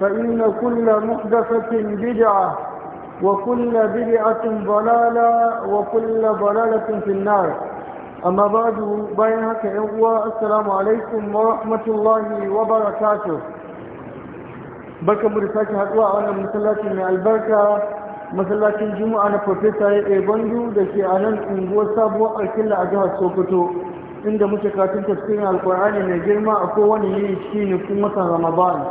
فإن كل محدثة بدعة وكل بدعة ضلالة وكل ضلالة في النار أما بعد بينك إغوى السلام عليكم ورحمة الله وبركاته بركة مرساك هدواء أنا مسلات من البركة مسلات الجمعة أنا بروفيسور إيباندو دكي أنا نقوى سابوة الكلة أجهة سوكتو عند متكاتين تفسير القرآن من جرمى أكواني يشيني في مثل رمضان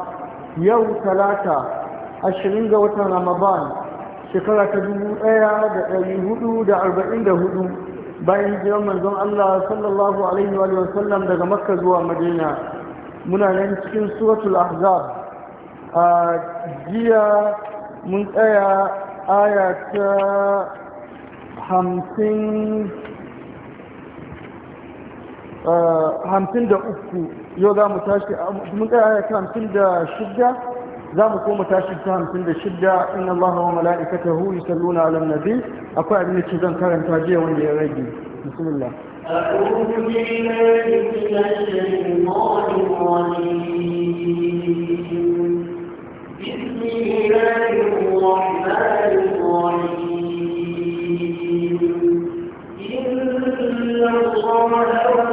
yau talata ashirin ga watan ramadan shekara ta dubu ɗaya da ɗari hudu da arba'in da hudu bayan hijiran manzon Allah sallallahu alaihi wa sallam daga makka zuwa madina muna nan cikin suratul ahzab a jiya mun tsaya aya ta hamsin eh, da uku يو ذا متاشك من آية كان تندى الشدة ذا مكو متاشك كان تندى الشدة إن الله وملائكته يسلون على النبي أقوى ابن الشدان كان تاجيه وإن يغيبي بسم الله أعوذ بالله من الشيطان بسم الله الرحمن الله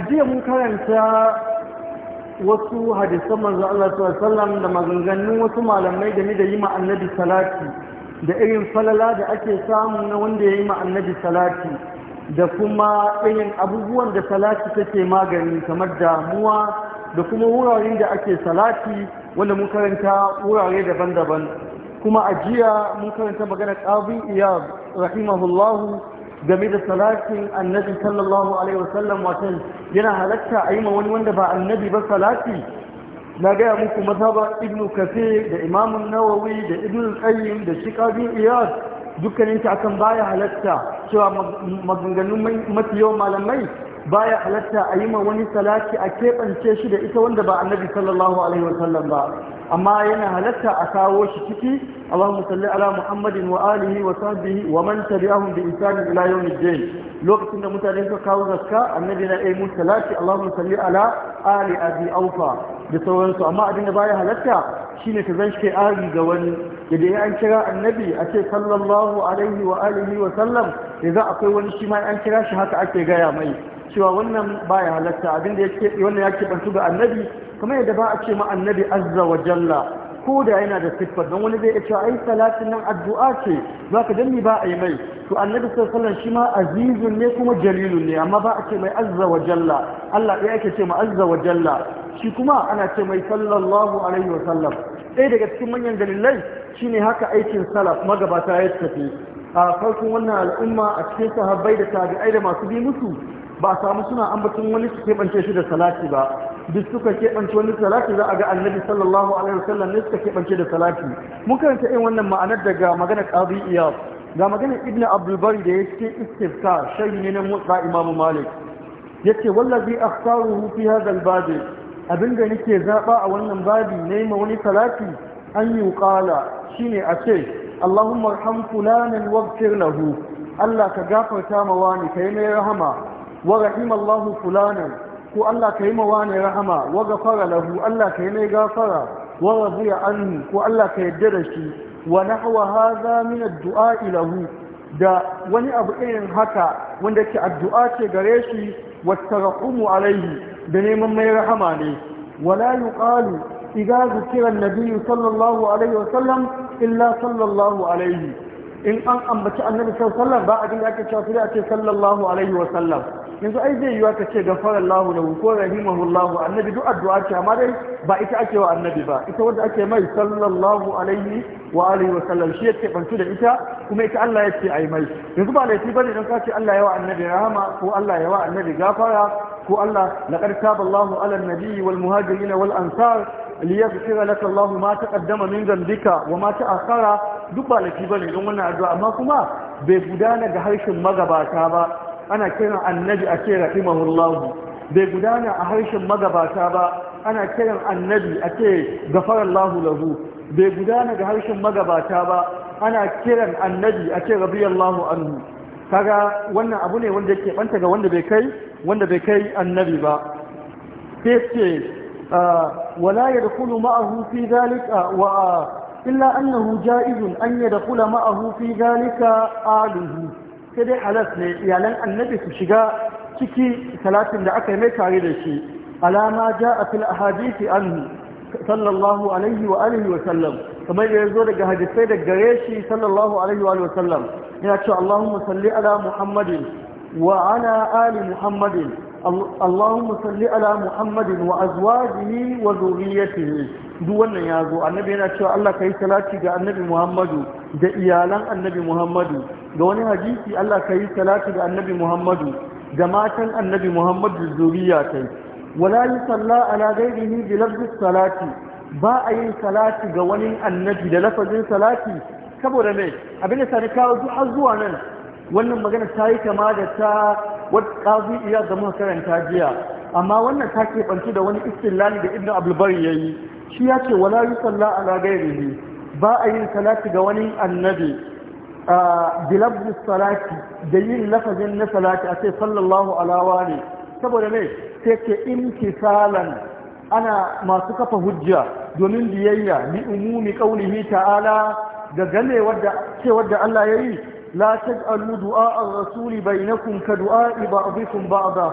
jiya mun karanta wasu hadisan manzo Allah sallallahu da maganganun wasu malamai game da yi ma annabi salati da irin falala da ake samu na wanda ya yi ma annabi salati da kuma irin abubuwan da salati take magani kamar damuwa da kuma wuraren da ake salati wanda mun karanta wurare daban-daban kuma ajiya mun karanta maganar qabi iya rahimahullahu game da salatin annabi sallallahu alaihi wasallam watan yana halatta a yi ma wani wanda ba annabi ba salati na gaya muku mazhaba Ibnu kafe da imamun nawawi da Ibnu qayyim da shikabi iyad dukkanin ta akan baya halatta cewa maganganun mafi yawan malamai Ba ya halatta a yi ma wani salati a keɓance shi da ita wanda ba annabi sallallahu alaihi wasallam ba amma yana halatta a kawo shi ciki Allahumma salli ala Muhammadin wa alihi wa sahbihi wa man tabi'ahum bi ihsan ila yawmiddin lokacin da mutane suka kawo zakka annabi na ayi musu salati Allahumma salli ala ali abi aufa da sauransu amma abin da ya halatta shine ka zan shi ari ga wani Da idan an kira annabi a ce sallallahu alaihi wa alihi wa sallam idan akwai wani shi ma an kira shi haka ake gaya mai cewa wannan baya halatta abinda ya wannan ya ke bantu ga annabi kamar yadda ba a ce ma annabi azza wa jalla ko da yana da siffa, don wani zai iya cewa ai salatin nan addu'a ce za ka danni ba a yi mai to annabi sallallahu shi ma azizun ne kuma jalilun ne amma ba a ce mai azza wa jalla Allah ya yake ce ma azza wa jalla shi kuma ana ce mai sallallahu alaihi wa sallam ɗaya daga cikin manyan dalilai shine haka aikin salaf magabata ya tafi a farkon wannan al'umma a cikin sahabbai da tabi'ai da masu bi musu ba samu suna ambaton wani su keɓance shi da salati ba duk suka keɓance wani salati za a ga annabi sallallahu alaihi wasallam ne suka keɓance da salati mun karanta irin wannan ma'anar daga magana qadi iyas ga magana ibn abdul bari da yake istifta shayi ne na mutsa imamu malik yace wallazi akhtaruhu fi hadha al abinda nake zaba a wannan babi ne ma wani salati an yi qala shine a ce allahumma arham fulanan waghfir lahu Allah ka gafarta ma wani kai mai rahama wa rahimallahu fulanan ko Allah ka yi mawane rahama wa gafara lahu Allah ka yi mai gafara wa rabiya anhu ko Allah ka yarda da shi wa nahwa hadha min ad-du'a lahu da wani abu irin haka wanda ke addu'a ce gare shi wa tarahumu alaihi da neman mai rahama ne wala yuqalu idza zukira an-nabiy sallallahu alaihi wa sallam illa sallallahu in an ambaci annabi sallallahu sallam ba a dinga ake ake sallallahu wa sallam yanzu ai zai yiwa ka ce gafara Allah da ko rahimahullahu annabi duk addu'a ce amma dai ba ita ake wa annabi ba ita wanda ake mai sallallahu alaihi wa alihi wa sallam shi yake bantu da ita kuma ita Allah yake ai mai yanzu ba laifi bane dan ka ce Allah ya wa annabi rahama ko Allah ya wa annabi gafara ko Allah laqad taballahu ala an wal muhajirin wal ansar liyaghfira laka Allah ma taqaddama min dhanbika wa ma ta'akhara duk ba laifi bane don wannan addu'a amma kuma bai gudana ga harshen magabata ba ana kiran annabi a ce rahimahullahu bai gudana a harshen magabata ba ana kiran annabi a ce gafarallahu lahu bai gudana ga harshen magabata ba ana kiran annabi a ce rabiyallahu anhu kaga wannan abu ne wanda yake banta ga wanda bai kai wanda bai kai annabi ba sai ce ah, wala yadkhulu ma'ahu fi zalika wa illa annahu ja'izun an yadkhula ma'ahu fi zalika aluhu sai dai alas ne iyalan annabi su shiga ciki talatin da aka yi mai tare da shi alama ja a fil ahadisi anhu sallallahu alaihi wa alihi wa sallam kamar da zo daga hadisai da gare shi sallallahu alaihi wa alihi wa sallam yana cewa Allahumma salli ala Muhammadin wa ala ali Muhammadin Allahumma salli ala Muhammadin wa azwajihi wa duk wannan ya zo annabi yana cewa Allah ka yi salati ga annabi Muhammadu da iyalan annabi Muhammadu ga wani hadisi Allah ka yi salati ga annabi Muhammadu ga matan annabi Muhammadu zuriya yi. wala yi salla ala ghairihi bi lafzi salati ba a yin salati ga wani annabi da lafazin salati saboda me abin da sani kawo duk har zuwa nan wannan magana ta yi kama da ta wata kazi iya da muka karanta jiya amma wannan ta keɓanci da wani istilali da ibnu abulbari ya yi shi ya ce wala yi salla ala gairihi ba a yin salati ga wani annabi a bilabdu salati da yin lafazin na salati a ce sallallahu alawa ne saboda ne sai ke imtisalan ana masu kafa hujja domin biyayya ni umumi qaulihi ta'ala da Allah ya yi. لا تجعلوا دعاء الرسول بينكم كدعاء بعضكم بعضا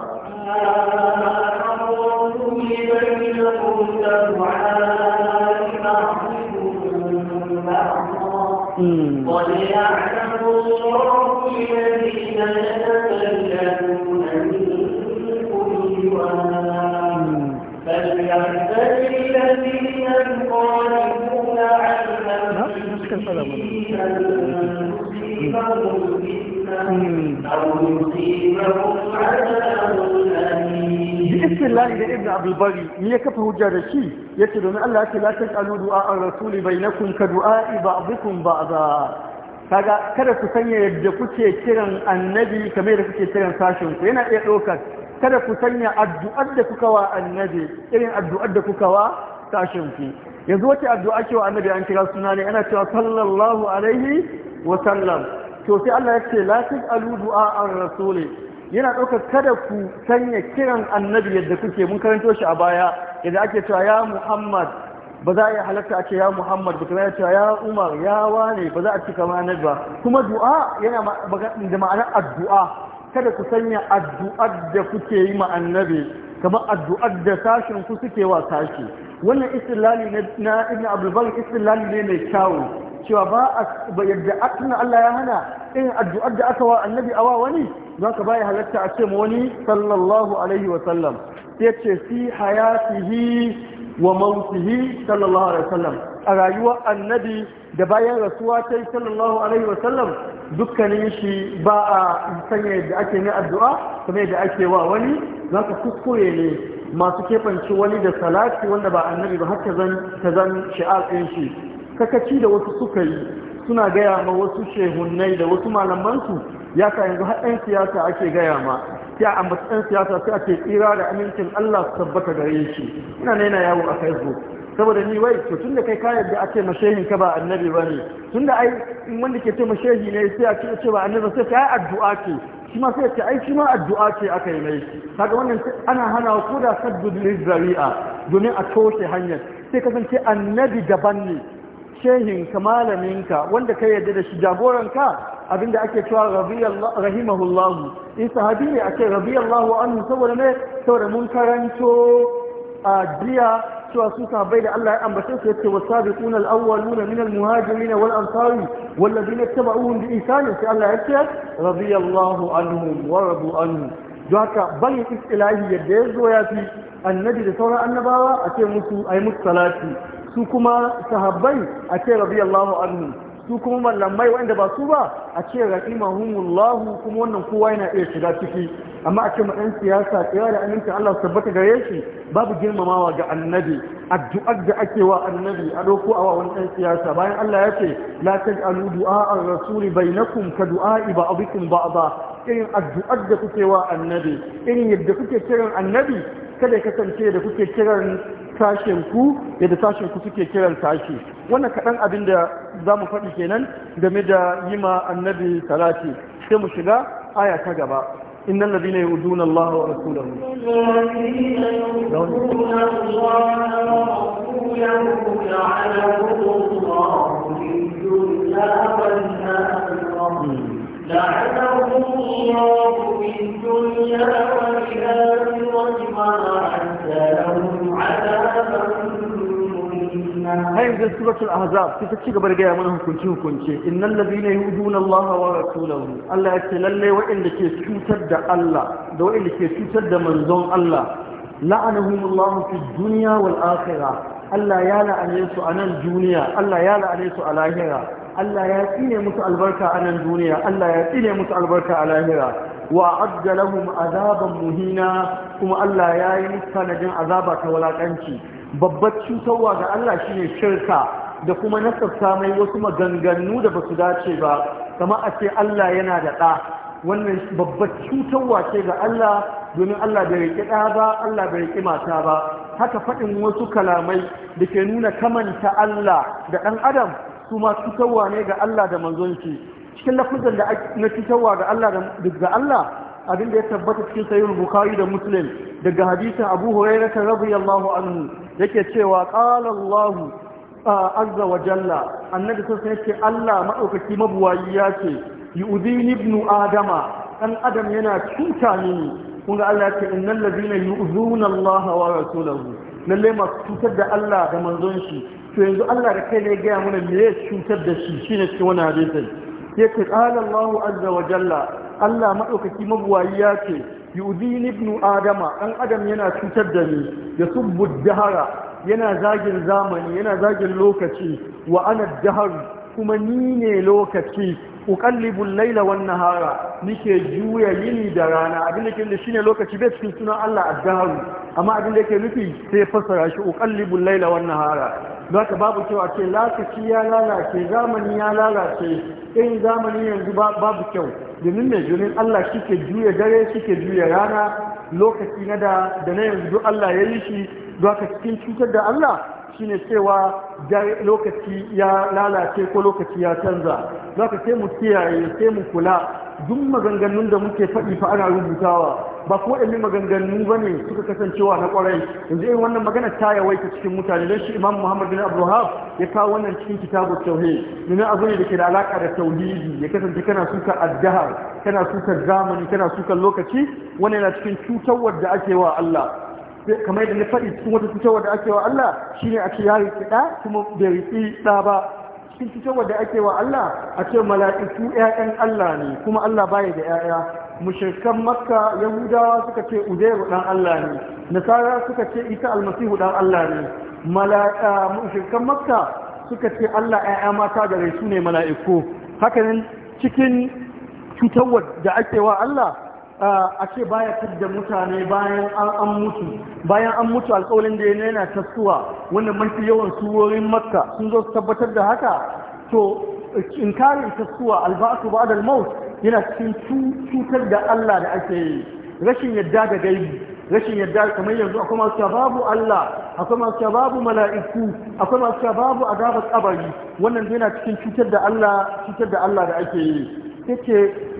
قد يعلم الله الذين يتقون ka tsara mana hmm. bismillah da ibn abdulbari ni ya kafa hujja da shi yace domin Allah yake la tasalu du'a ar-rasuli bainakum ka du'a ba'dukum ba'da kaga kada ku sanya yadda kuke kiran annabi kamar da kuke kiran sashin ku yana iya ɗaukar kada ku sanya addu'ar da kuka wa annabi irin addu'ar da kuka wa sashin ku yanzu wace addu'a ce wa annabi an kira suna ne ana cewa sallallahu alaihi wa sallam to sai Allah ya ce la taj'alu du'a rasuli yana ɗaukar kada ku sanya kiran annabi yadda kuke mun karanto shi a baya yadda ake cewa ya Muhammad ba za a yi halatta a ce ya Muhammad ba kuma ya cewa ya Umar ya wane ba za a ci kama ba kuma du'a yana da ma'anar addu'a kada ku sanya addu'ar da kuke yi ma annabi kamar addu'ar da sashen ku suke wa sashi wannan istilali na ibn abdulbar istilali ne mai kyawu cewa ba a yadda Allah ya hana irin addu'ar da aka wa annabi awa wani za ka baya halatta a ce wani sallallahu alaihi wa sallam sai ce fi hayatihi wa mautihi sallallahu alaihi wa sallam a rayuwar annabi da bayan rasuwa ta yi sallallahu alaihi wasallam dukkanin shi ba a sanya yadda ake ne addu'a kuma yadda ake wa wani za ka kuskure ne masu kefanci wani da salati wanda ba annabi ba haka zan ta zan shi'ar ɗin shi kakaci da wasu suka yi suna gaya ma wasu shehunnai da wasu malamansu ya ka yanzu har ɗan siyasa ake gaya ma sai a ambaci ɗan siyasa sai ake tsira da amincin Allah su tabbata gare shi ina na yana yawo a facebook saboda ni wai to tunda kai kayan da ake mashehin ka ba annabi bane tunda ai in wanda ke ce mashehi ne sai a ce ce annabi sai ta addu'a ce shi ma sai ce ai shi ma addu'a ce aka yi mai kaga wannan ana hana ko da saddud zari'a domin a toshe hanyar sai kasance annabi daban ne shehin ka malamin ka wanda ka yarda da shi jagoran ka abinda ake cewa rahimahullahu in sahabi ne ake rabiyallahu anhu saboda ne saboda mun karanto a jiya cewa su sahabbai da Allah ya ambace su yace wasabiquna al-awwaluna min al-muhajirin wal ansari wal ladina tabauhum bi ihsan sai Allah yace radiyallahu anhum wa radu anhu haka bari istilahi yadda ya zo ya fi annabi da sauran annabawa a ce musu ayi musu salati su kuma sahabbai a ce radiyallahu anhum su kuma mallamai wanda ba su ba a ce humullahu kuma wannan kowa yana iya shiga ciki amma a ce ma ɗan siyasa tsaya da aminta Allah tabbata gare shi babu girmamawa ga annabi addu'ar da ake wa annabi a doko a wani ɗan siyasa bayan Allah ya ce la taj'alu du'a ar-rasuli bainakum ka du'a'i ba'dikum ba'da irin addu'ar da kuke wa annabi irin yadda kuke kiran annabi kada ya kasance da kuke kiran tashin ku yadda tashin ku suke kiran tashi wannan kaɗan abin da za mu faɗi kenan game da yi ma annabi salati sai mu shiga aya ta gaba inna alladhina yu'duna allaha wa rasulahu لعنهم الله في الدنيا والآخرة har yanzu suratul ahzab ta ci gaba da gaya mana hukunci hukunce innal ladina yu'duna Allah wa rasulahu Allah ya ce lalle waɗanda ke cutar da Allah da waɗanda ke cutar da manzon Allah la'anahumullahu fid dunya wal akhirah Allah ya la'ane su a nan duniya Allah ya la'ane su a lahira Allah ya tsine musu albarka a nan duniya Allah ya tsine musu albarka a lahira وأعد لهم عذابا مهينا كما الله يا يمسك نجم عذابك ولا كنشي babbar cutarwa ga Allah shi ne shirka da kuma nasarta mai wasu maganganu da basu dace ba kamar a ce Allah yana da ɗa wannan babbar cutarwa ce ga Allah domin Allah bai riƙe ɗa ba Allah bai riƙe mata ba haka faɗin wasu kalamai da ke nuna kamanta Allah da ɗan adam su ma cutarwa ne ga Allah da manzonci cikin lafuzan da na cutarwa ga Allah da Allah abin da ya tabbata cikin sayin bukari da muslim daga hadisin abu huraira ta radiyallahu anhu yake cewa qala a azza wa jalla annabi sun ce allah maɗaukaci mabuwayi ya ce yu'dini ibnu adama dan adam yana cuta ni kun ga allah ce innal ladina yu'zuna allah wa rasulahu lalle masu cutar da allah da manzon shi to yanzu allah da kai ne ya gaya mana me ya cutar da shi shine cikin wani hadisin yake qala azza wa jalla Allah maɗaukaki mabuwayi ya ce yuzini adama ɗan adam yana cutar da ni ya subbu dahara yana zagin zamani yana zagin lokaci wa ana dahar kuma ni ne lokaci uqallibu laila wannan hara, nike juya yini da rana abin da ke nufi shine lokaci bai cikin sunan Allah azharu amma abin da ke nufi sai fasara shi uqallibu al-laila hara. nahara ka babu cewa ce lokaci ya lalace zamani ya lalace in zamani yanzu babu kyau domin mai domin Allah shi ke juya dare shi ke juya rana lokaci na da na yanzu Allah ya yi shi ka cikin cutar da Allah shine cewa lokaci ya lalace ko lokaci ya canza za ka sai mu kiyaye sai mu kula duk maganganun da muke faɗi fa ana rubutawa ba ko ɗanne maganganu ba ne suka kasancewa na ƙwarai yanzu irin wannan magana ta yawaita cikin mutane don shi imam muhammad bin abdullahab ya kawo wannan cikin kitabu tauhid nuna abu ne da ke da alaƙa da tauhidi ya kasance kana suka addahar kana suka zamani kana suka lokaci wannan yana cikin cutarwar da ake wa allah kamar yadda na faɗi cikin wata cutarwa da ake wa Allah shine a ce ya riƙi ɗa kuma bai riƙi ɗa ba cikin cutarwa da ake wa Allah a ce mala'iku ƴaƴan Allah ne kuma Allah baya da ƴaƴa mushirkan makka yahudawa suka ce uzairu ɗan Allah ne nasara suka ce isa almasihu ɗan Allah ne mala'ika makka suka ce Allah ƴaƴa mata gare su ne mala'iku hakanan cikin cutarwa da ake wa Allah a ce baya fidda mutane bayan an mutu bayan an mutu alƙawalin da yana yana tasowa wanda mafi yawan surorin makka sun zo su tabbatar da haka to inkarin tasowa alba'atu ba'da al-maut yana cikin cutar da Allah da ake yi rashin yadda da gaibi rashin yadda kamar yanzu akwai masu cewa babu Allah akwai masu cewa babu mala'iku akwai masu cewa babu azabar kabari wannan yana cikin cutar da Allah cutar da Allah da ake yi yake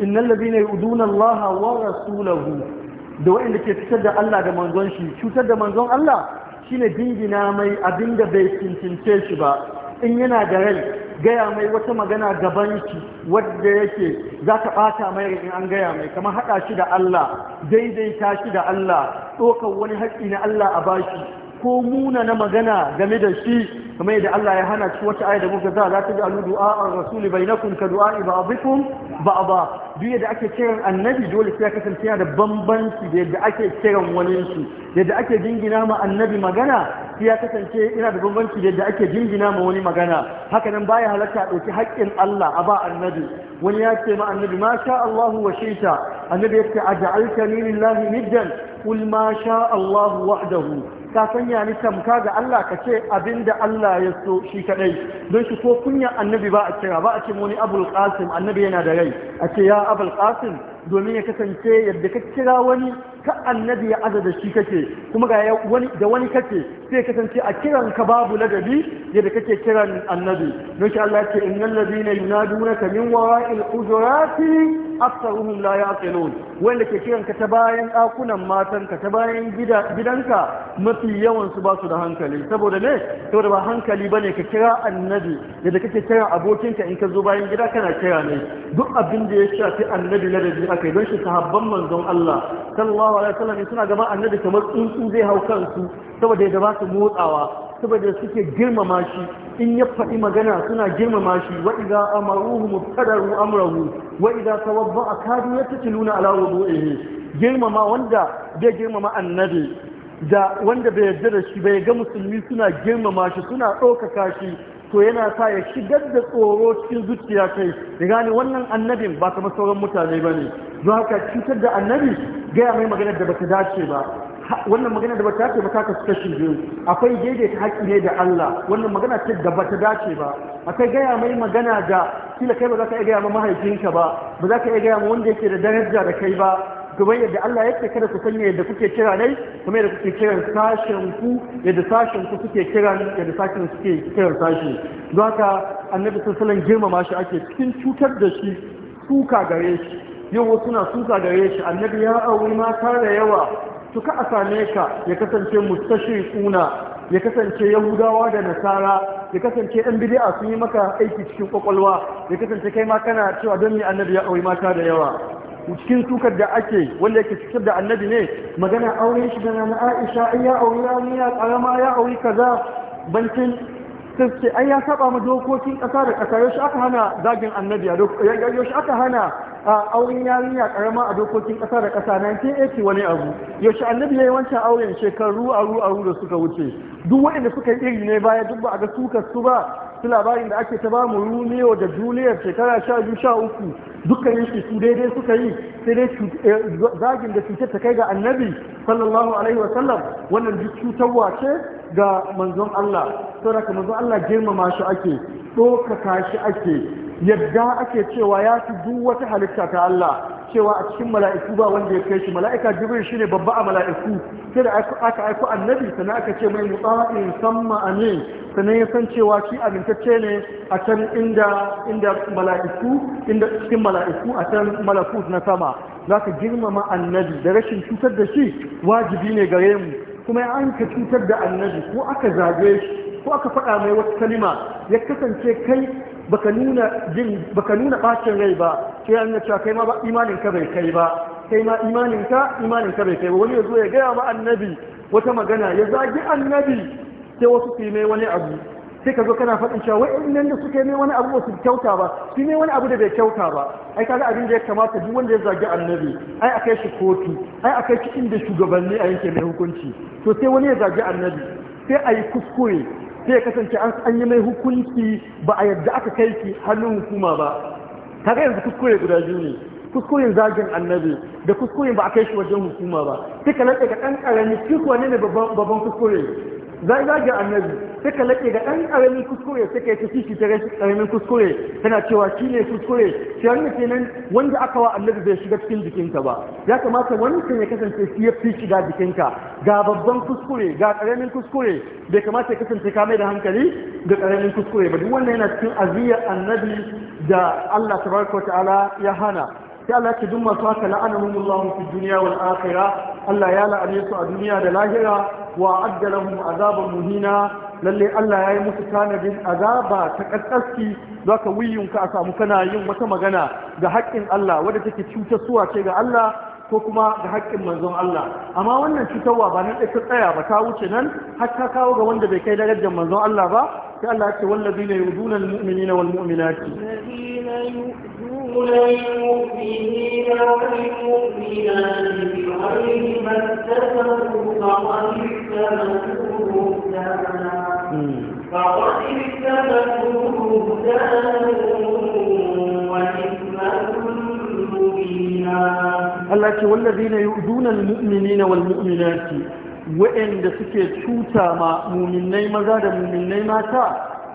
innal ladina yuduna allaha wa rasulahu da wanda ke fitar da Allah da manzon shi cutar da manzon Allah shine dingina mai abinda bai cincince shi ba in yana da rai gaya mai wata magana gaban shi wadda yake za ka ɓata mai in an gaya mai kamar haɗa shi da Allah daidaita shi da Allah ɗaukar wani haƙƙi na Allah a bashi ko muna na magana game da shi kamar yadda Allah ya hana shi wata ayar da muka za za ta ji alu du'a ar rasuli bainakum ka du'a ba'dikum ba duk yadda ake kiran annabi dole sai ya kasance yana da bambanci da yadda ake kiran wani su yadda ake jingina ma annabi magana sai ya kasance yana da bambanci da yadda ake jingina ma wani magana haka nan baya halatta a ɗauki haƙƙin Allah a ba annabi wani ya ce ma annabi ma sha Allahu wa shita annabi ya ce a ja'altani lillahi niddan qul ma sha Allahu wahdahu ka sanya ni tamka ga Allah ka ce abinda Allah ya so shi kaɗai. don shi ko kunya annabi ba a kira ba a ce wani abul qasim annabi yana da rai a ce ya abul qasim domin ya kasance yadda ka kira wani ka annabi ya azada shi kake kuma ga wani da wani kake sai kasance a kiran ka babu ladabi yadda kake kiran annabi don shi Allah ya ce innal ladina yunadunaka min wara'il hujurati aktsaruhum la yaqilun wanda ke kiran ka ta bayan dakunan matan ka ta bayan gidanka mafi yawan su ba su da hankali saboda ne saboda ba hankali bane ka kira annabi yadda kake kira abokinka in ka zo bayan gida kana kira ne duk abin da ya shafi annabi na da aka yi don shi sahabban manzon Allah sallallahu alaihi wasallam suna gaban annabi kamar tsuntsu zai hau kansu saboda yadda ba su motsawa saboda suke girmama shi in ya faɗi magana suna girmama shi wa idza amaruhu mubtadaru amrahu wa idza tawadda kadu yattasiluna ala wudu'ihi girmama wanda bai girmama annabi da wanda bai yarda da shi bai ga musulmi suna girmama shi suna ɗaukaka shi to yana sa ya shigar da tsoro cikin zuciya kai da gane wannan annabin ba kamar sauran mutane ba ne don haka cutar da annabi gaya mai maganar da bata dace ba wannan magana da bata ce ba ta kasu kashi biyu akwai daidaita haƙƙi ne da Allah wannan magana ce da bata dace ba akwai gaya mai magana da kila kai ba za ka iya gaya ma mahaifinka ba ba za ka iya gaya ma wanda yake da daraja da kai ba kamar yadda Allah yake kada ku sanya yadda kuke kira nai. kuma yadda kuke kiran sashen ku yadda sashen ku suke kiran yadda sashen suke kiran sashi don haka annabi sallallahu alaihi girmama shi ake cikin cutar da shi suka gare shi yau wasu na suka gare shi annabi ya auri mata da yawa Suka a same ka ya kasance kuna, ya kasance yahudawa da nasara ya kasance ɗan bid'a sun yi maka aiki cikin kwakwalwa ya kasance kai ma kana cewa don me annabi ya aure mata da yawa cikin sukar da ake wanda yake cikin da annabi ne magana auren shi da na Aisha ya aure ya karama ya aure kaza bancin suke an ya saba ma dokokin kasa da ƙasa yaushe aka hana zagin annabi a yaushe aka hana auren yarinya karama a dokokin kasa da kasa ƙasa aiki wani abu yaushe annabi ya yi wancan auren shekaru aru aru da suka wuce duk waɗanda suka yi iri ne baya duk ba a ga suka su ba su labarin da ake ta ba mu da juliyar shekara sha biyu sha uku dukkanin su su daidai suka yi sai dai eh, zagin da cutar ta kai ga annabi sallallahu alaihi wasallam wannan duk cutarwa ce ga manzon Allah saboda manzon Allah girmama shi ake ɗaukaka shi ake yadda ake cewa ya fi duk wata halitta ta Allah cewa a cikin mala'iku ba wanda ya kai shi mala'ika jibril shine babba a mala'iku sai da aka aiko annabi sannan aka ce mai mutsa'in samma amin sannan ya san cewa shi amintacce ne a can inda mala'iku a can malakut na sama Za ka girmama annabi da rashin cutar da shi wajibi ne gare mu kuma an ka cutar da annabi ko aka zage shi ko aka faɗa mai wata kalima ya kasance kai baka nuna jin baka nuna bacin rai ba sai an cewa kai ma ba imanin ka bai kai ba kai ma imanin ka imanin ka bai kai ba wani ya zo ya gaya ma annabi wata magana ya zagi annabi sai wasu su mai wani abu sai ka zo kana faɗin cewa wai nan da suka ne wani abu su kyauta ba su ne wani abu da bai kyauta ba ai kaga abin da ya kamata duk wanda ya zagi annabi ai akai shi kotu ai akai shi inda shugabanni a yanke mai hukunci to sai wani ya zagi annabi sai a yi kuskure sai ya kasance an yi mai hukunci ba a yadda aka kai shi hannun hukuma ba kaga yanzu kuskure guda biyu ne kuskurin zagin annabi da kuskure ba a kai shi wajen hukuma ba sai ka lantsa ka ɗan ƙarami shi kuwa ne babban kuskure zai zagin annabi suka laƙe da ɗan ƙaramin kuskure ka yi ta kishi ta ƙaramin kuskure tana cewa shi ne kuskure shi wanda kenan wanda aka wa annabi bai shiga cikin jikinka ba ya kamata wancan ya kasance shi ya fi shiga jikinka ga babban kuskure ga ƙaramin kuskure bai kamata ya kasance ka mai da hankali da ƙaramin kuskure ba duk wannan yana cikin aziyar annabi da Allah tabaraka wa ta'ala ya hana sai Allah ke dun masu haka la'anahum Allah fi dunya wal akhirah Allah ya la'ane su a duniya da lahira wa adda mu azaban muhina lalle Allah ya yi musu tanadin azaba ta kakkaski zaka wiyunka a samu kana yin wata magana ga haƙƙin Allah wadda take cuta suwa ce ga Allah ko kuma ga haƙƙin manzon Allah amma wannan cutarwa ba nan ta tsaya ba ta wuce nan har ta kawo ga wanda bai kai darajar manzon Allah ba sai Allah ya ce wallazina yu'duna al-mu'minina wal mu'minati فقد اجتمعوا Allah ce na yi dunan muminina na mu'minati wa'anda suke cuta ma mu'minnai maza da mu'minnai mata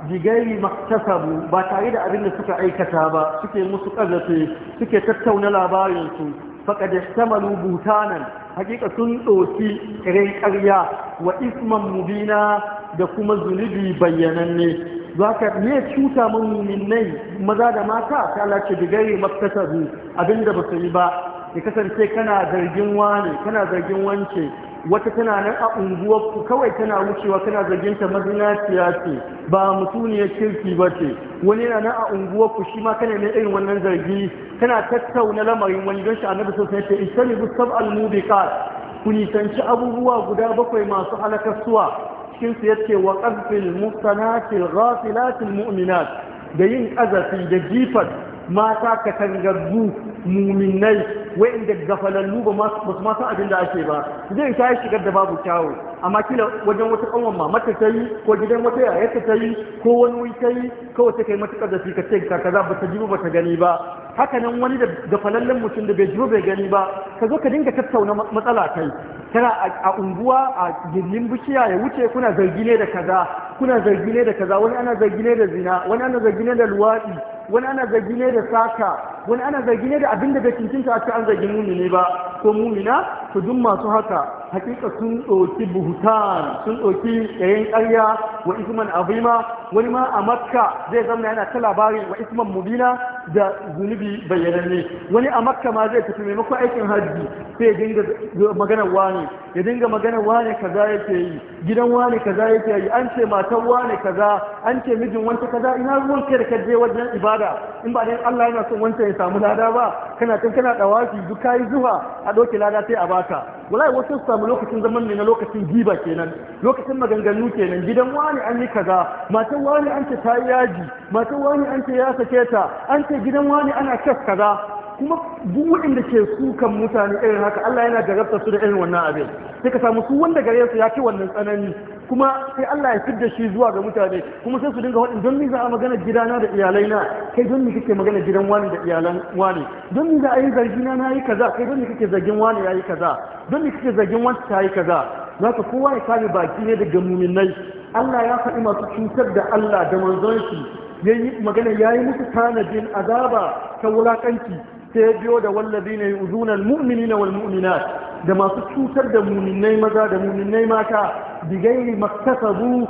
bigairi maktasabu ba tare da abin da suka aikata ba suke musu kazafe suke tattauna labarin su faqad ihtamalu butanan hakika sun doki rai ƙarya wa isman mubina da kuma zunubi bayyananne zaka ne cuta ma mu'minnai maza da mata ta Allah ce bigairi abinda ba su yi ba ya kasance kana zargin wanke. kana zargin wance wata tana nan a unguwarku kawai tana wucewa kana zargin ta mazinaciya ce ba mutuniyar kirki ba ce wani yana nan a unguwarku shi ma kana ne irin wannan zargi kana tattauna lamarin wani don shi annabi sosai ce isani busab al-mubiqat ku nisanci abubuwa guda bakwai masu halakarsuwa cikin su yace wa qazfil muhsanatil ghafilatil mu'minat da yin azafi da jifar mata tangarzu muminai wa'inda gafalallu ba su sa abin da ake ba zai ta shigar da babu kyawu amma kila wajen wata kanwan mamata ta yi ko gidan wata yayar ta yi ko wani wuri ta yi kawai ta kai matukar da su ka ce ka kaza ba ta ji ba ta gani ba haka nan wani da gafalallen mutum da bai ji bai gani ba ka zo ka dinga tattauna matsala kai tana a unguwa a gindin bishiya ya wuce kuna zargi da kaza kuna zargi ne da kaza wani ana zargi da zina wani ana zargi ne da luwaɗi wani ana zagi ne da sata wani ana zargi ne da abin da bai cincinta a ce an zargi ne ba ko mumina to duk masu haka hakika sun ɗauki buhutan sun ɗauki yayin ƙarya wa isman abima wani ma a makka zai zama yana ta labarin wa isman mubina da zunubi bayyananne wani a makka ma zai tafi maimakon aikin hajji sai ya dinga maganar wani ya dinga maganar wani kaza yake yi gidan wani kaza yake yi an ce matan wani kaza an ce mijin wanta kaza ina ruwan kai da kaje wajen ibada in ba dai Allah yana son wanta ya samu lada ba kana tun kana dawafi duk kayi zuwa a doke lada sai a baka wallahi wasu su samu lokacin zaman ne na lokacin giba kenan lokacin maganganu kenan gidan wani an yi kaza matan wani an ce ta yaji matan wani an ce ya sake ta an ce gidan wani ana kes kaza kuma buɗin da ke sukan mutane irin haka Allah yana jarabta su da irin wannan abin sai ka samu su wanda gare ya ci wannan tsanani kuma sai Allah ya fidda shi zuwa ga mutane kuma sai su dinga waɗin don ni za a magana gidana da iyalai na, kai don ni kake magana gidan wani da iyalan wani don ni za a yi zargina na yi kaza kai don ni kake zargin wani ya yi kaza don ni kake zargin wani ta yi kaza za ka kowa ya kame baki ne daga muminai Allah ya faɗi masu cutar da Allah da manzon shi ya yi magana ya yi musu tanadin azaba ta wulakanci sai ya biyo da wallazi ne yuzunan mu'minina wal mu'minat da masu cutar da muminai maza da muminai mata bigayri maktasabu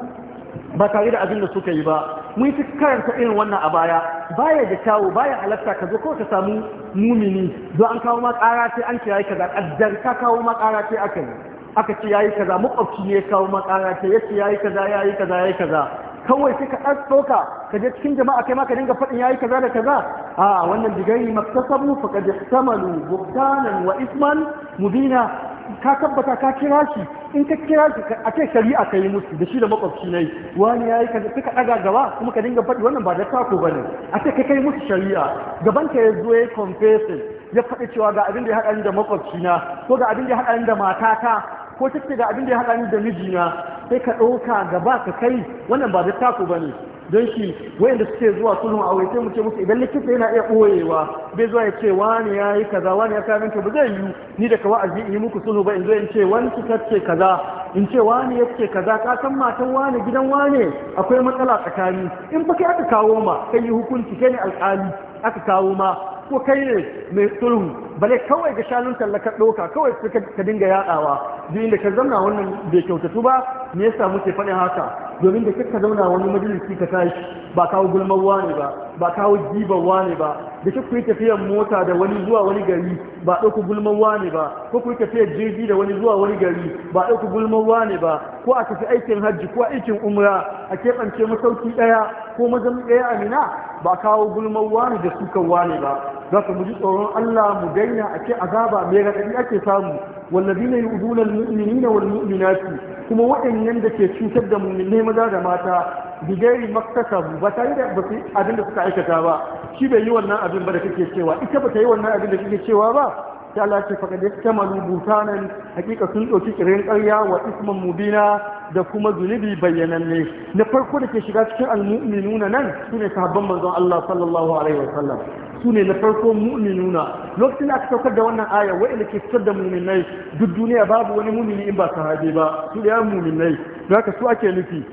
ba tare da abin da suka yi ba mun fi karanta irin wannan a baya baya da kyawu baya halatta ka zo kawai ka samu mumini zo an kawo ma ƙara ce an ce kaza addar ka kawo ma ƙara ce aka yi aka ce yayi kaza makwabci ne kawo ma ƙara ce yace yayi kaza yayi kaza yayi kaza kawai sai ka ɗan tsoka ka je cikin jama'a kai ma ka dinga faɗin yayi kaza da kaza a wannan digari maktasabu faqad ihtamalu buhtanan wa isman mubina ka tabbata ka kira shi in ka kira shi a ce shari'a ka yi musu da shi da makwabci na yi wani ya yi kaza suka ɗaga gaba kuma ka dinga faɗi wannan ba da tako ba ne a ce ka kai musu shari'a gaban ka ya zo ya yi confessing ya faɗi cewa ga abin da ya haɗa da makwabci na ko ga abin da ya haɗa da matata ko take ga abin da ya haɗa ni da mijina sai ka ɗauka gaba ka kai wannan ba da taku ba ne don shi wayanda suke zuwa sulhun aure sai mu ce musu idan likita yana iya ɓoyewa bai zuwa ya ce wani ya yi kaza wani ya kayan ba zai yi ni da kawa in yi muku sulhu ba in zo in ce wani kika ce kaza in ce wani ya ce kaza ka san matan wani gidan wani akwai matsala tsakani in ba kai aka kawo ma kai yi hukunci kai ne alƙali aka kawo ma ko kai ne mai sulhu bale kawai ga shanun tallaka ɗauka kawai suka ka dinga yaɗawa duk inda ka zauna wannan bai kyautatu ba me yasa muke faɗin haka domin da kika zauna wani majalisi ka tashi ba kawo gulmawa wani ba ba kawo giban wani ba da kika yi tafiyar mota da wani zuwa wani gari ba ɗauku gulmawa wani ba ko ku yi tafiyar jirgi da wani zuwa wani gari ba ɗauku gulmawa wani ba ko a tafi aikin hajji ko aikin umra a keɓance masauki ɗaya ko mazan ɗaya amina ba kawo gulman wani da suka wani ba za ka muji tsoron Allah mu daina a ce azaba mai raɗaɗi ake samu wallazina yi al-mu'minina wal mu'minati kuma waɗannan da ke cutar da mu'minai maza da mata bigairi maktasabu ba tare da ba su abin da suka aikata ba shi bai yi wannan abin ba da kake cewa ita ba ta yi wannan abin da kake cewa ba ta Allah ce fa kadai ta malu butanan hakika sun dauki kirin ƙarya wa isman mubina da kuma zunubi bayyananne na farko da ke shiga cikin almu'minuna nan su ne sahabban manzon Allah sallallahu alaihi wasallam su ne na farko mu'minuna lokacin da aka saukar da wannan aya wa'ila ke fitar da mu'minai duk duniya babu wani mu'mini in ba sahabi ba su da ya mu'minai don haka su ake nufi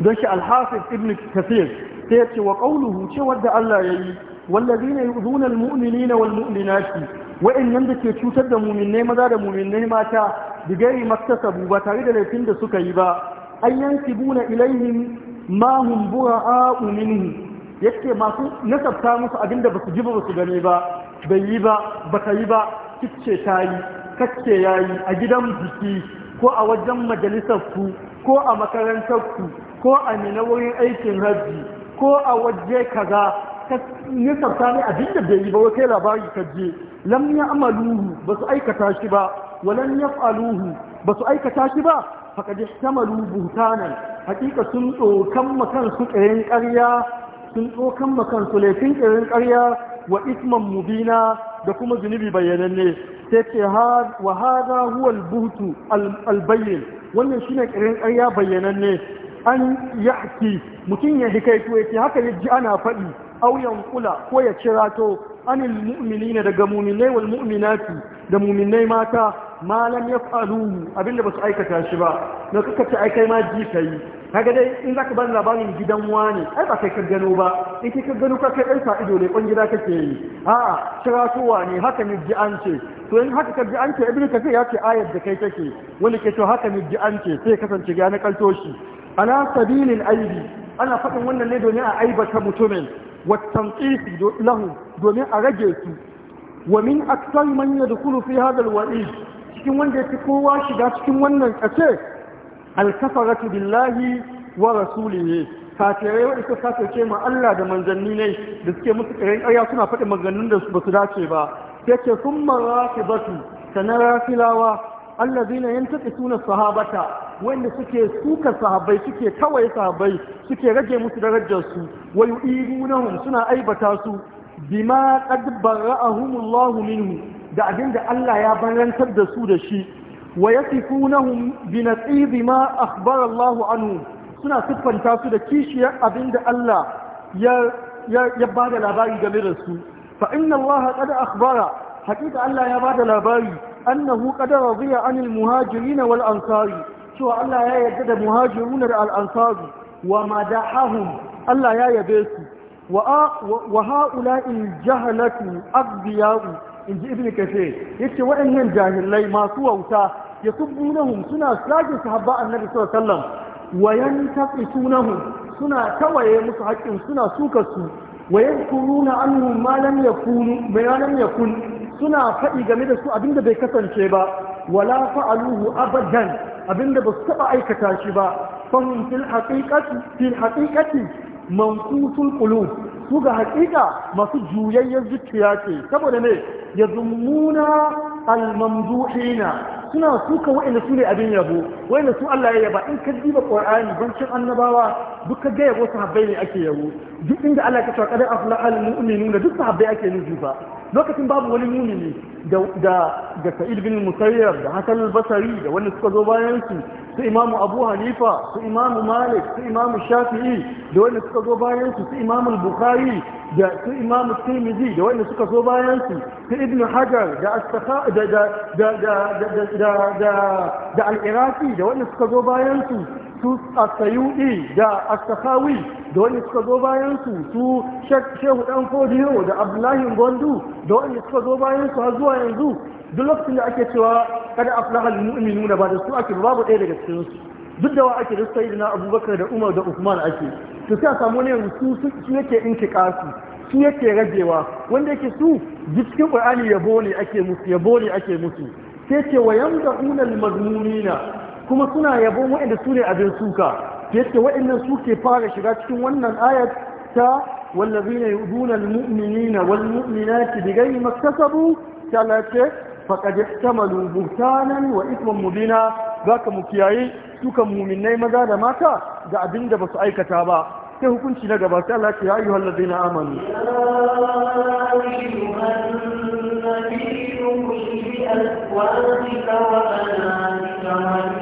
don shi alhafiz ibn kafir sai ya ce wa qawluhu ce wanda Allah yayi wallazina yu'zuna almu'minina walmu'minati wa'annan da ke cutar da muminai maza da muminai mata digari maktasabu ba tare da laifin da suka yi ba an yanki buna ilaihim ma hum bura'a minhu yake masu nasabta musu abinda basu ji ba basu gane ba bai yi ba baka yi ba kicce ta yi kacce ya yi a gidan biki ko a wajen majalisar ko a makarantarku ko a minawarin wurin aikin hajji ko a waje kaza ka ne abinda bai yi ba wai kai labari ka je lam ya'maluhu ba su aikata shi ba walan yaf'aluhu ba su aikata shi ba faqad ihtamalu buhtanan hakika sun tsokan makan su ƙarin ƙarya sun tsokan makan su laifin ƙarin ƙarya wa isman mubina da kuma zunubi bayyananne sai ce wa hada huwa albuhtu albayyin wannan shine ƙarin ƙarya bayyananne an ya'ti mutum ya hikaito yake haka yaji ana faɗi aw kula ko ya cirato anil mu'minina daga mu'minai wal da mu'minai mata ma lam yaf'alu abinda basu aikata shi ba na kuka ce ai kai ma ji kai kaga dai in zaka bani labarin gidan wani ai ba kai ka gano ba in ka gano ka kai ɗan fa'ido ne kwan gida kake yi a'a ciratowa ne haka ne an ce to in haka ka ji an ce ibnu kafir ya ce ayar da kai take wani ke to haka ne an ce sai kasance ga na kalto shi ala sabilin aibi ana faɗin wannan ne domin a aibata mutumin والتنقيص لهم domin a rage su wa min aktar man yadkhulu fi hadha alwa'id cikin wanda yake kowa shiga cikin wannan kace alkafaratu billahi wa rasulihi kafirai wanda suka kafirce ma Allah da manzanni ne da suke musu karin ƙarya suna faɗi maganganun da su basu dace ba sai ce sun marafibatu sanar rafilawa allazina yantaqisuna sahabata wanda suke suka sahabbai suke tawaye sahabbai suke rage musu darajar su wa yu'ibunahum suna aibata su bima qad bara'ahumullahu minhu da abinda Allah ya barantar da su da shi wa yasifunahum bi naqib ma akhbara Allahu anhu suna sifanta su da kishiyar abinda Allah ya ya bada labari game da su fa inna Allah qad akhbara hakika Allah ya bada labari annahu qad radiya anil muhajirin wal ansari to Allah ya yarda da muhajiruna da al ansari wa madahahum Allah ya yabe su wa wa haula'il jahalatu abdiya'u inji ibnu kathir yace waɗannan jahilai masu wauta yasubbunahum suna sage sahabba annabi sallallahu alaihi wasallam wa yantaqisunahum suna tawaye musu haƙƙin suna suka su wa yadhkuruna anhum ma lam yakunu ma lam yakun suna faɗi game da su abinda bai kasance ba wala fa'aluhu abadan abinda ba su taɓa aikata shi ba fahim fil haqiqati fil haqiqati manqutul qulub su ga haƙiƙa masu juyayyen zuciya ce saboda ne ya zummuna almamduhina suna suka wa'inda su ne abin yabo wa'inda su Allah ya yaba in ka diba Qur'ani bancin annabawa duk ka ga yabo sahabbai ne ake yabo duk inda Allah ya ce qad aflaha da duk sahabbai ake nufi ba lokacin babu wani mumini da da sa'id bin musayyar da hasan al-basri da wanda suka zo bayan su su imamu abu hanifa su imamu malik su imamu shafi'i da wanda suka zo bayan su su imamu bukhari da su imamu tirmidhi da wanda suka zo bayan su su ibnu hajar da astafa da da da da da da al-iraqi da wanda suka zo bayan su su asayu'i da asakawi da wani suka zo bayan su su shehu dan fodiyo da abdullahi gondu da wani suka zo bayan su har zuwa yanzu duk lokacin da ake cewa kada aflahal mu'minuna ba da su ake babu ɗaya daga cikin su duk da wa ake da sayyidina abubakar da umar da usman ake to sai a samu ne su su yake intikasi su yake ragewa wanda yake su cikin qur'ani yabo ne ake musu yabo ne ake musu sai ce wa yamda'una al-mazmunina kuma suna yabon waɗanda su ne abin suka fiye da waɗannan su ke fara shiga cikin wannan ayat ta wallazina yu'duna almu'minina walmu'minati bighayri ma kasabu talace faqad ihtamalu buhtanan wa ithman mubina zaka mu kiyaye dukan mu'minai maza da mata da abin da basu aikata ba sai hukunci na gaba sai Allah ya ayyuhal ladina amanu أزواجك وبناتك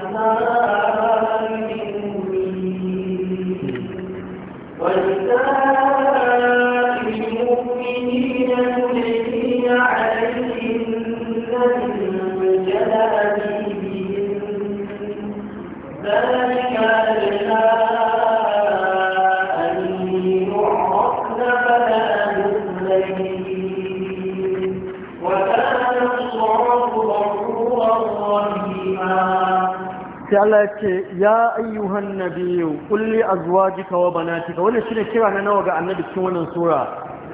Allah ce ya ayyuhan nabiyyu kulli a azwajika wa banatika wannan shine kira na nawa ga annabi cikin wannan sura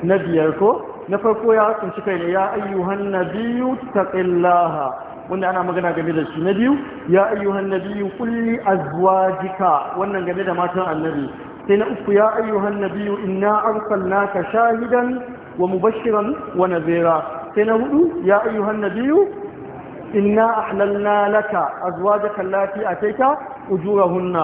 na biyar ko na farko ya tsinci kai ne ya ayyuhan nabiyyu taqillaha wanda ana magana game da shi na biyu ya ayyuhan nabiyyu kulli a azwajika wannan game da matan annabi sai na uku ya ayyuhan nabiyyu inna arsalnaka shahidan wa mubashiran wa nadhira sai na hudu ya ayyuhan nabiyyu inna ahlalna laka azwajaka allati ataita ujurahunna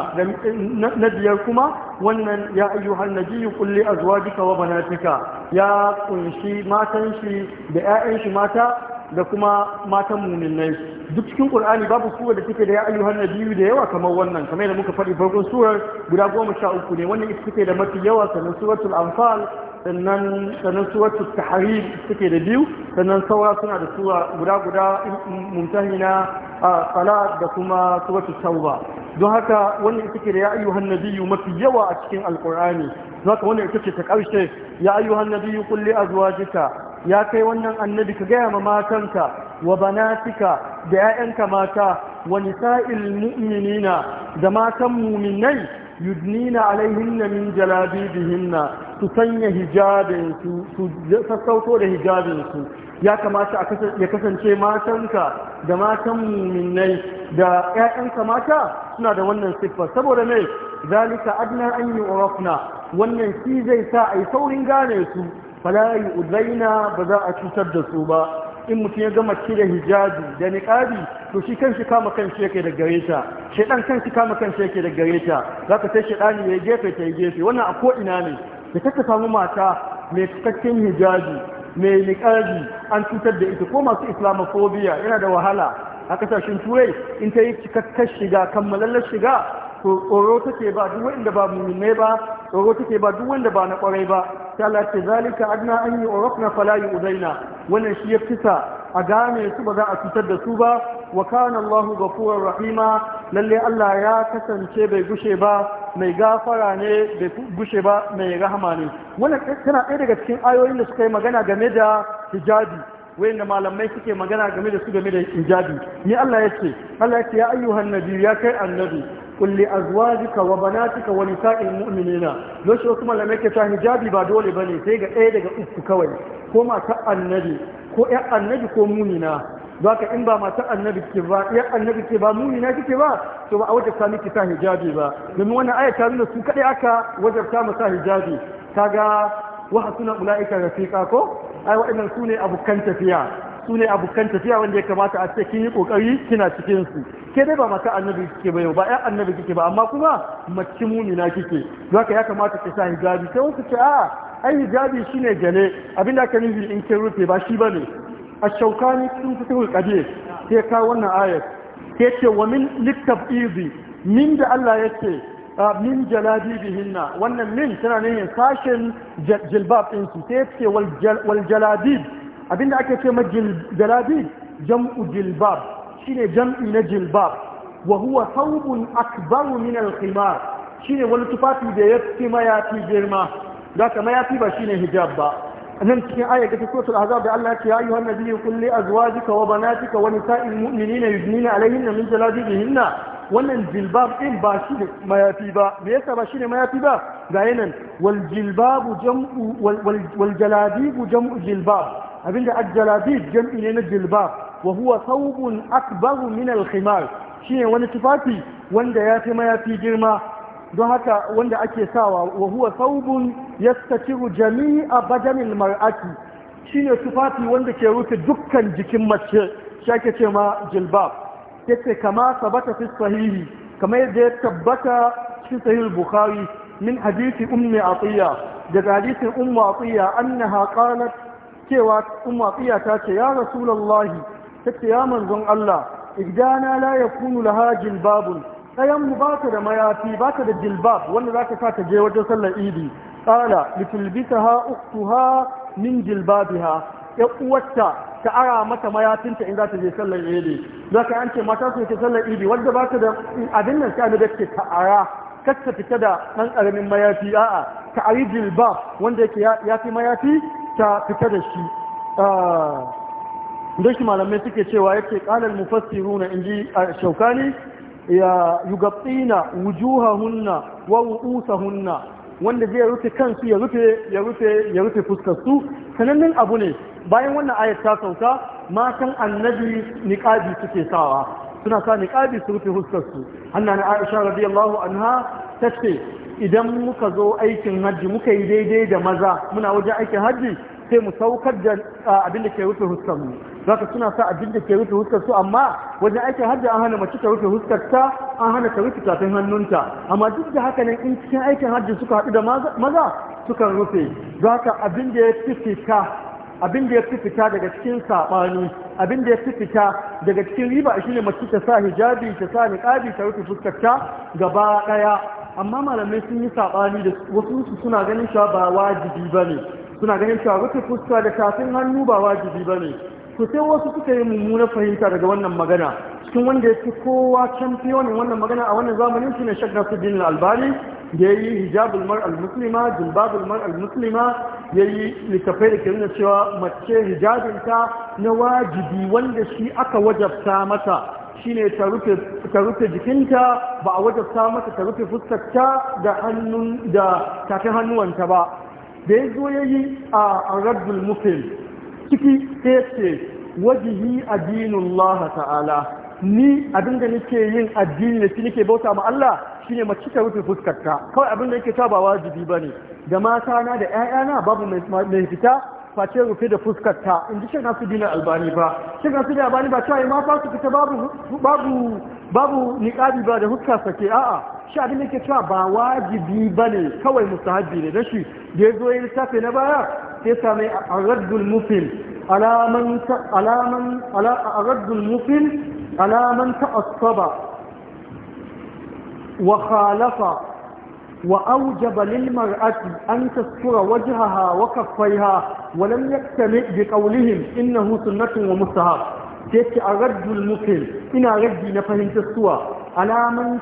na biyar kuma wannan ya ayyuhan nabiyyu qul li azwajika wa banatika ya kunshi matan shi da ƴaƴan shi mata da kuma matan muminai duk cikin qur'ani babu sura da take da ya na biyu da yawa kamar wannan kamar da muka faɗi farkon surar guda goma sha uku ne wannan ita take da mafi yawa sannan suratul anfal sannan sannan suratu tahrim suke da biyu sannan saura suna da sura guda guda mumtahina a salat da kuma suratu tauba don haka wannan ita ke da ya ayyuhan nabiyyu mafi yawa a cikin alqur'ani don haka wannan ita ce ta karshe ya ayyuhan nabiyyu qul li azwajika ya kai wannan annabi ka gaya ma matanka wa banatika da 'ya'yanka mata wa nisa'il mu'minina da matan mu'minai yudnina alaihinna min jalabibihinna su sanya hijabin su su sassauto da hijabin su ya kamata ya kasance matanka da matan muminai da ƴaƴanka mata suna da wannan siffa saboda mai zalika adna an yu'rafna wannan shi zai sa yi saurin gane su fala yu'zaina ba za a cutar da su ba in mutum ya gama cire hijabi da niqabi to shi kanshi kama kanshi yake da gare ta shedan kanshi kama kanshi yake da gare ta zaka sai shedani ya gefe ta gefe wannan a ko ina ne da kaka samu mata mai cikakken hijabi mai niqabi an cutar da ita ko masu islamophobia yana da wahala a kasashen turai in ta yi cikakken shiga kammalallar shiga to tsoro take ba duk wanda ba mummune ba tsoro take ba duk wanda ba na kwarai ba ta Allah zalika adna an yi urafna fala yuzaina wannan shi ya fita a gane su ba za a cutar da su ba wa kana Allahu ghafurur rahima lalle Allah ya kasance bai gushe ba mai gafara ne bai gushe ba mai rahama ne wannan tana ɗaya daga cikin ayoyin da suka yi magana game da hijabi wayanda malamai suke magana game da su game da hijabi ni Allah yake Allah yake ya ayyuhan nabi ya kai annabi kulli azwajika wa banatika wa nisa'il mu'minina lokaci wasu malamai ke ta hijabi ba dole bane sai ga ɗaya daga uku kawai ko mata annabi ko ƴan annabi ko munina zaka in ba mata annabi ke ba ƴan annabi ke ba munina kike ba to ba a wajen wajabta miki ta hijabi ba domin wannan aya ta nuna su kadai aka wajabta mu ta hijabi kaga wa hasuna ulaika rafiqa ko ai waɗannan su ne abokan tafiya su ne abokan tafiya wanda ya kamata a ce kin yi kokari kina cikin su ke dai ba mata annabi kike ba yau ba ƴan annabi kike ba amma kuma mace mumina kike zaka ya kamata ki sa hijabi sai wasu ce a ai hijabi shine gane da aka nufi in kin rufe ba shi bane ash-shawkani sun fitul qadir sai ka wannan ayat sai ce wa min izi min da Allah yake min hinna wannan min tana ne sashen jilbab din su sai ce wal jalabib abinda ake ce ma jalabi jam'u jilbab shine jam'i na jilbab wa huwa thawbun akbaru min al-khimar shine wani tufafi da ya yafi mayafi girma zaka mayafi ba shine hijab ba nan cikin aya ta suratul azab da Allah ya ce ya ayyuhan nabiyyu qul azwajika wa banatika wa nisa'il mu'minina yudnina alayhinna min jalabibihinna wannan jilbab din ba shi ne mayafi ba me yasa ba shi ne mayafi ba ga yanan wal jilbabu jam'u wal jalabibu jam'u jilbab abinda ajjalabib jam'i ne na jilbab wa huwa thawbun akbaru min al-khimar shine wani tufafi wanda ya fi mayafi girma don haka wanda ake sawa wa huwa thawbun yastatiru jami'a badanil mar'ati shine tufafi wanda ke rufe dukkan jikin mace shi ake ce ma jilbab yace kama sabata fi sahihi kama yadda ya tabbata cikin sahih bukhari min hadisi ummi atiya daga hadisin ummu atiya annaha qalat cewa umma tsiya ta ce ya rasulallahi ta ce ya manzon Allah igdana la yakunu laha jilbabun ɗayan mu baka da mayafi baka da jilbab wanda ta sa ta je wajen sallar idi qala litulbisaha uktuha min jilbabiha ya uwarta ta ara mata mayafinta in za ta je sallar idi za ka an ce mata su ke sallar idi wanda ba ta da abin nan sai da ke ta ara kar ta fita da ɗan karamin mayafi a'a ta'arijil ba wanda yake ya fi mayafi ta fita da shi ah, da shi malamai suke cewa yake kalal mufassiruna inji ah, shaukani ya wujuha hunna wa hunna wanda zai rufe kansu ya rufe ya rufe ya rufe fuskarsu sanannen abu ne bayan wannan ayat ta sauka matan annabi niqabi suke sawa suna sa niqabi su rufe fuskarsu su anna Aisha radiyallahu anha tace idan muka zo aikin hajji muka yi daidai da maza muna wajen aikin hajji sai mu saukar da abin da ke rufe huskar mu zaka suna sa abin da ke rufe huskar su amma wajen aikin hajji an hana mace ta rufe huskar ta an hana ta rufe tafin hannunta amma duk da haka nan in cikin aikin hajji suka haɗu da maza suka rufe zaka abin da ya fi fita abin da ya fi fita daga cikin saɓani abin da ya fi fita daga cikin riba shi ne mace ta sa hijabi ta sa niqabi ta rufe ta gaba ɗaya amma malamai sun yi saɓani da wasu suna ganin cewa ba wajibi ba ne suna ganin cewa rufe fuska da tafin hannu ba wajibi ba ne to sai wasu suka yi mummuna fahimta daga wannan magana cikin wanda ya fi kowa camfiyonin wannan magana a wannan zamanin shi ne na nasiruddin albani da ya yi hijabul mar al-muslima jilbabul mar al-muslima ya yi littafai da ke nuna cewa mace hijabinta na wajibi wanda shi aka wajabta mata shine ta rufe jikinta ba a wajen mata ta rufe fuskarta da hannun da tafin hannuwanta ba da ya zo yi a raddul mufil ciki sai ce wajihi allah ta'ala ni abin da nake yin addini da shi nake bauta ma Allah shine mace ta rufe fuskarta kawai abin da yake ta ba wajibi bane da mata na da ƴaƴana babu mai fita face rufe da fuskarta in ji shan asibin albani ba shi shan asibin albani ba cewa ma fa su fita babu babu babu niqabi ba da huska sake a'a shi abin yake cewa ba wajibi bane kawai mustahabi ne da shi da yazo yin safe na baya sai mai aradul mufil ala man ala man ala aradul mufil ala man ta'assaba wa khalafa وأوجب للمرأة أن تستر وجهها وكفيها ولم يقتنع بقولهم إنه سنة ومستحب تيك الرد المسلم إن ردي نفهم تسوى على من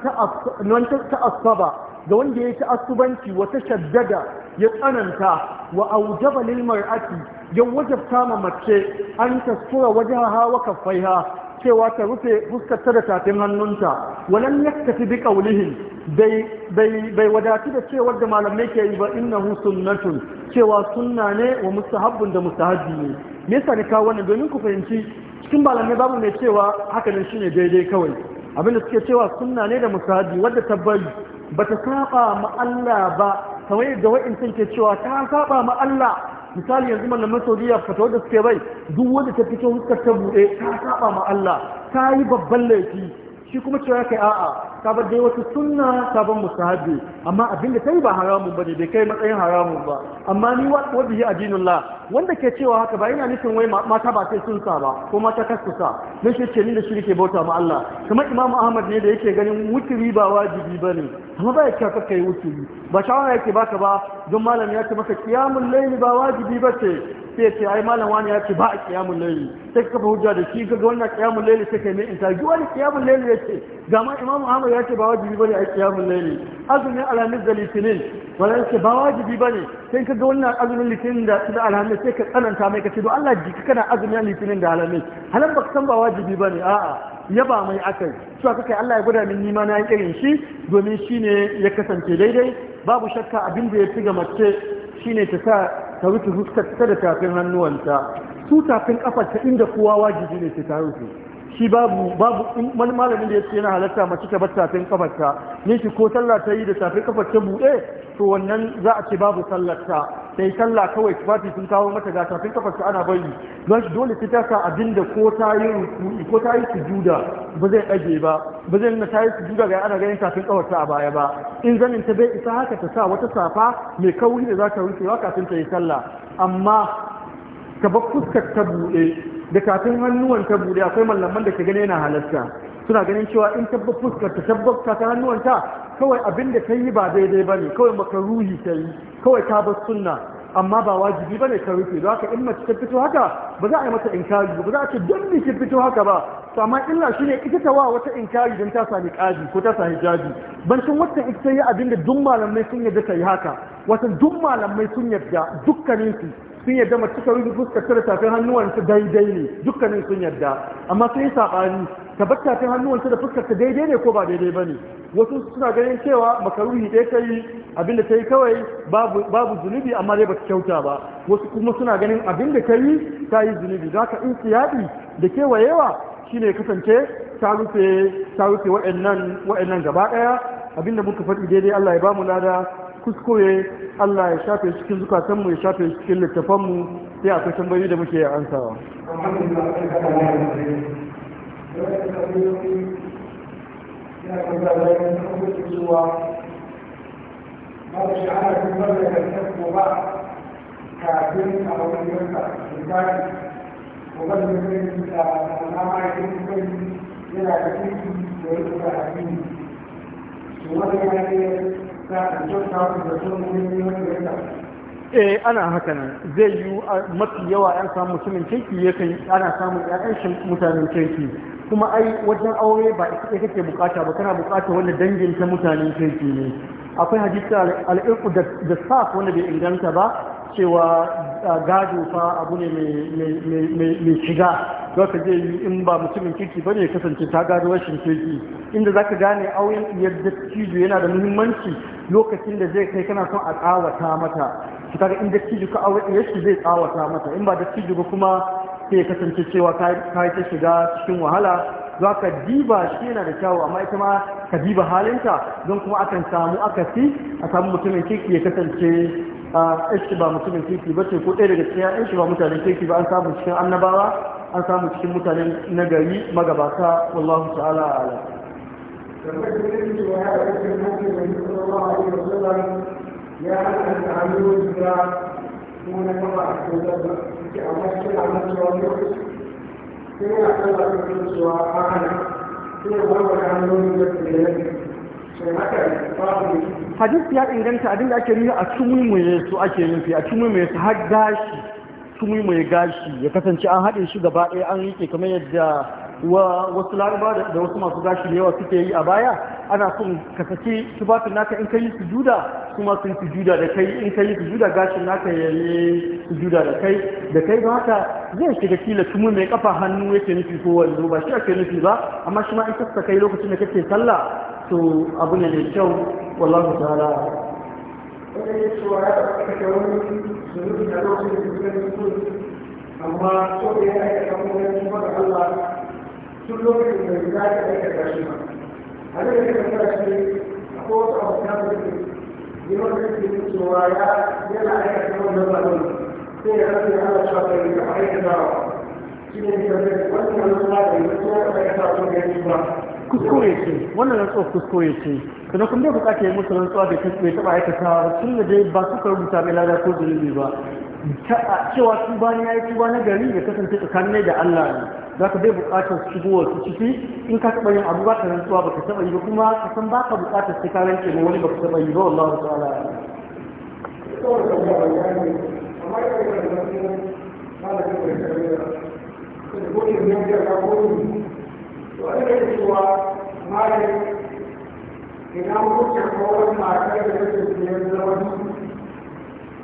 تأصب ga wanda ya yi Asubanci wata shaddada ya tsananta wa aujaba lil mar'ati ya wajabta ma mace an tasura wajaha wa kaffaiha cewa ta rufe fuskarta da tafin hannunta walan yaktafi bi qawlihim bai bai bai wadatu da cewa da malamai ke yi ba innahu sunnatun cewa sunna ne wa mustahabbun da mustahabbi ne me yasa ne kawo wannan domin ku fahimci cikin malamai babu mai cewa haka nan shine daidai kawai abinda suke cewa sunna ne da mustahabbi wadda tabbali bata saba ma Allah ba kamar yadda wa'in ke cewa ta saba ma Allah misali yanzu malaman saudiya fata da suke bai duk wanda ta fito huskar ta buɗe ta saba ma Allah ta yi babban laifi shi kuma cewa kai a'a ta bar dai wata sunna ta ban musahabi amma abin da ta ba haramun ba bai kai matsayin haramun ba amma ni wa bihi adinullah wanda ke cewa haka ba yana nufin wai mata ba sai sun ba ko mata kaskusa ne shi ce ni da shirke ke bauta ma Allah kamar Imam Ahmad ne da yake ganin wuturi ba wajibi ba ne amma ba ya ka kai wuturi ba shawara yake baka ba don malam ya ce maka kiyamun laili ba wajibi ba ce sai ce ai malam wani ya ce ba a kiyamun laili sai ka kafa hujja da shi ka ga wannan kiyamun laili sai ka mai intaji wani kiyamun laili ya ce ga ma imam ahmad ya ce ba wajibi bane a kiyamun laili azumin alhamis da litinin wala ya ce ba wajibi bane sai ka ga wannan azumin litinin da da alhamis sai ka tsananta mai ka ce don Allah jiki kana azumin litinin da alhamis halan baka san ba wajibi bane a'a yaba mai akai su aka kai Allah ya gwada min nima na irin shi domin shine ya kasance daidai babu shakka abin da ya fi ga mace shi shine ta sa ta rufe fuskar ta da tafin hannuwanta su tafin kafar ta inda kowa wajibi ne ta rufe shi babu babu malamin da ya ce yana halatta mace ta bar tafin kafar ta ne shi ko sallah ta yi da tafin kafar ta buɗe to wannan za a ce babu sallar sai sallah kawai tufafi sun kawo mata gasa kafa kafarta ana bari don shi dole ta tasa abin da ko ta yi ruku'i ko ta yi sujuda ba zai ɗage ba ba zai nuna ta yi sujuda ga ana ganin kafin kawarta a baya ba in zanin ta bai isa haka ta sa wata safa mai kauri da za ta wa kafin ta yi sallah amma ka ba fuskar ta buɗe da kafin hannuwan ta buɗe akwai mallaman da ka gani yana halarta suna ganin cewa in tabbar fuskar ta tabbar ta hannuwanta kawai abin da yi ba daidai ba ne kawai makaruhi ta kawai ta bar sunna amma ba wajibi ba ne ka rufe don haka in mace ta fito haka ba za a yi mata inkari ba za a ce don ki fito haka ba to amma illa shi ita ta wa wata inkari don ta sami kaji ko ta sami jaji san wata ita ta yi abin da duk malamai sun yarda ta yi haka wata duk malamai sun yarda dukkaninsu sun yarda mace ta rufe fuskar ta da tafin hannuwanta daidai ne dukkanin sun yarda amma sun yi saɓani tabbata ta hannuwansa da fuskarta daidai ne ko ba daidai ba ne wasu suna ganin cewa makaruhi ɗaya ka yi abinda ta yi kawai babu zunubi amma dai ba kyauta ba wasu kuma suna ganin abinda ta yi ta yi zunubi za ka in da kewayewa wayewa shine kasance ta rufe waɗannan gaba ɗaya abinda muka faɗi daidai allah ya bamu lada kuskure allah ya shafe cikin zukatanmu ya shafe cikin mu sai akwai tambayoyi da muke ansawa. kafin a wani yanka misali wani mutum da alama ya yi kai yana da kirki da ya kuka addini to wani yanka za a kyauta da sun wani yanka eh ana haka nan zai yi mafi yawa yan samu mutumin kirki kai ana samun yan shi mutanen kirki kuma ai wajen aure ba ita kake bukata ba kana bukata wanda dangin ta mutanen kirki ne akwai hadisi al-irqu da saf wanda bai inganta ba cewa gado fa abu ne mai shiga za ka zai yi in ba mutumin kirki ba ne ya kasance ta gado rashin kirki inda zaka gane auren yadda cizo yana da muhimmanci lokacin da zai kai kana son a tsawata mata su kaga in dattijo ka aure shi zai tsawata mata in ba dattijo ba kuma sai ya kasance cewa ka yi ta shiga cikin wahala za ka diba shi yana da kyawu amma ita ma ka diba halinta don kuma akan samu akasi a samu mutumin kirki ya kasance a shi ba mutumin kirki ba ce ko ɗaya daga cikin ya'yan shi ba mutanen kirki ba an samu cikin annabawa an samu cikin mutanen nagari magabata wallahu ta'ala ala. ya halatta hanyoyin jira kuma na kafa a cikin zaba ke a wasu suna na cewa lokaci sai ya kalla a cikin cewa a hana suna warware hanyoyin da ke da sai haka babu hadisi ya inganta abin da ake nuna a tumuimuye su ake nufi a tumuimuye su har gashi tumuimuye gashi ya kasance an haɗe shi gaba ɗaya an rike kamar yadda wasu laraba da wasu masu gashi da yawa suke yi a baya ana son ka saki tufafin naka in ka su sujuda kuma sun sujuda da kai in ka su sujuda gashin naka ya yi sujuda da kai da kai don haka zai shiga kila tumu mai kafa hannu yake nufi ko wando ba shi ake nufi ba amma shi ma in kasta kai lokacin da kake sallah to abu ne mai kyau wallahu ta'ala amma ko da ya aikata kuma ya kuma da Allah duk lokacin da za ka aikata shi ba a da ya kasar shi a kowace abu ta mutu yawan da ke cewa ya yana aikata wannan batun sai ya kasar ana cewa ka yi ka aikata wa shi ne ka zai wannan wani ba da yi ko ya aikata ko ya yi ba kuskure ce wannan rantsuwa kuskure ce sannan kuma bai bukata ya musu rantsuwa da ta bai taba aikata tun da dai ba su ka rubuta mai lada ko zunubi ba cewa tuba ne ya yi tuba na gari da kasance tsakanin da Allah ne za ka bai buƙatar shigowar su ciki in ka taɓa yin abu ba ka rantsuwa ba ka taɓa yi ba kuma ka san ba ka buƙatar sai ka rantse ma wani ba ka taɓa yi ba wallahu ta'ala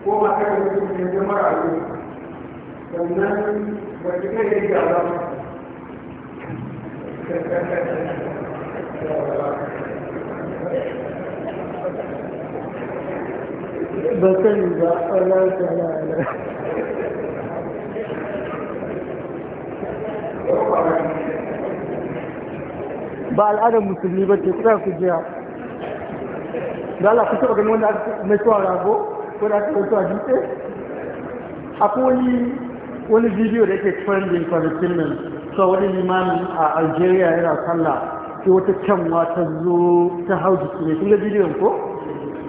ko matar ba ba ba al'adar musulmi ba ce tsaya ku jiya da Allah ku taɓa wanda aka mai suwa rago ko da aka mai suwa dutse akwai wani bidiyo da yake trending for the film so wani limanin a algeria yana sallah ke wata canwa ta zo ta hau jiki ne kuma bidiyon ko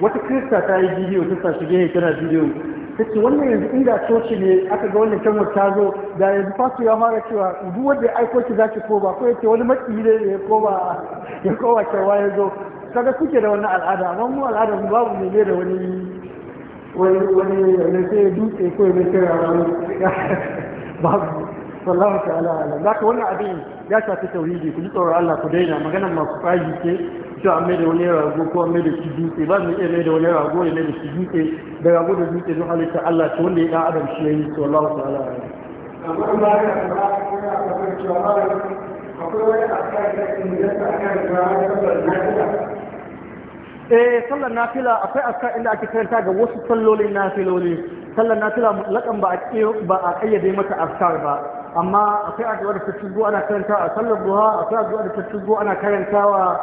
wata kirista ta yi bidiyo ta sashi gehe tana bidiyo ta ce wannan yanzu inda coci ne aka ga wannan canwar ta zo da yanzu fasu ya mara cewa duk wanda ya aiko ki ko ba ko ya ce wani matsi ne ya koma ya cewa ya zo kaga kuke da wannan al'ada amma mu al'ada mu babu ne da wani wani wani wani sai dutse ko ne sai wani babu wallahu ta'ala alam zaka wannan abin ya shafi tauhidi ku ji tsoron Allah ku daina maganar masu tsayi ce to an mai da wani rago ko an mai da shi dutse ba mu iya mai da wani rago ne mai da shi dutse da rago da dutse don halitta Allah ce wanda ya dan adam shi yayi to wallahu ta'ala alam amma in ba ka ba ko ya ka ba cewa ba akwai wani akai da inda ta akai da ta eh sallar nafila akwai aska inda ake karanta ga wasu sallolin nafiloli sallar nafila mutlakan ba a ba a kayyade mata askar ba amma akwai addu'a da ta shigo ana karanta a sallar duha akwai addu'a da ta shigo ana wa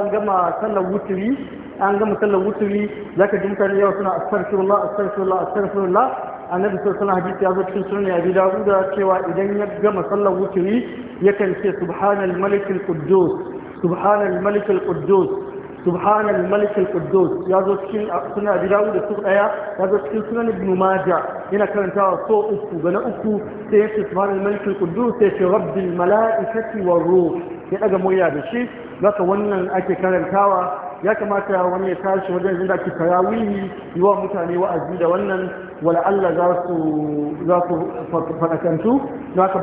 an gama sallar wuturi an gama sallar wuturi zaka ji mutane yawa suna astaghfirullah astaghfirullah astaghfirullah annabi sallallahu alaihi hadisi ya zo cikin sunan abi dawuda cewa idan ya gama sallar wuturi yakan ce subhanal malikil quddus subhanal malikil quddus سبحان الملك القدوس يا ذو سكين سنة أبي داود السوق آية يا ذو سكين سنة ابن ماجة هنا كان تعالى صوء أفو بنا أفو سيشي سبحان الملك القدوس سيشي رب الملائكة والروح يا أجا مويا بشي لك ونن أكي كان تعالى ya kamata wani ya tashi wajen inda ake tarawihi yi wa mutane wa'azi da wannan wala Allah za su faɗakantu za ka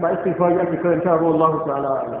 ba istighfari ake karanta ruwan Allah ta'ala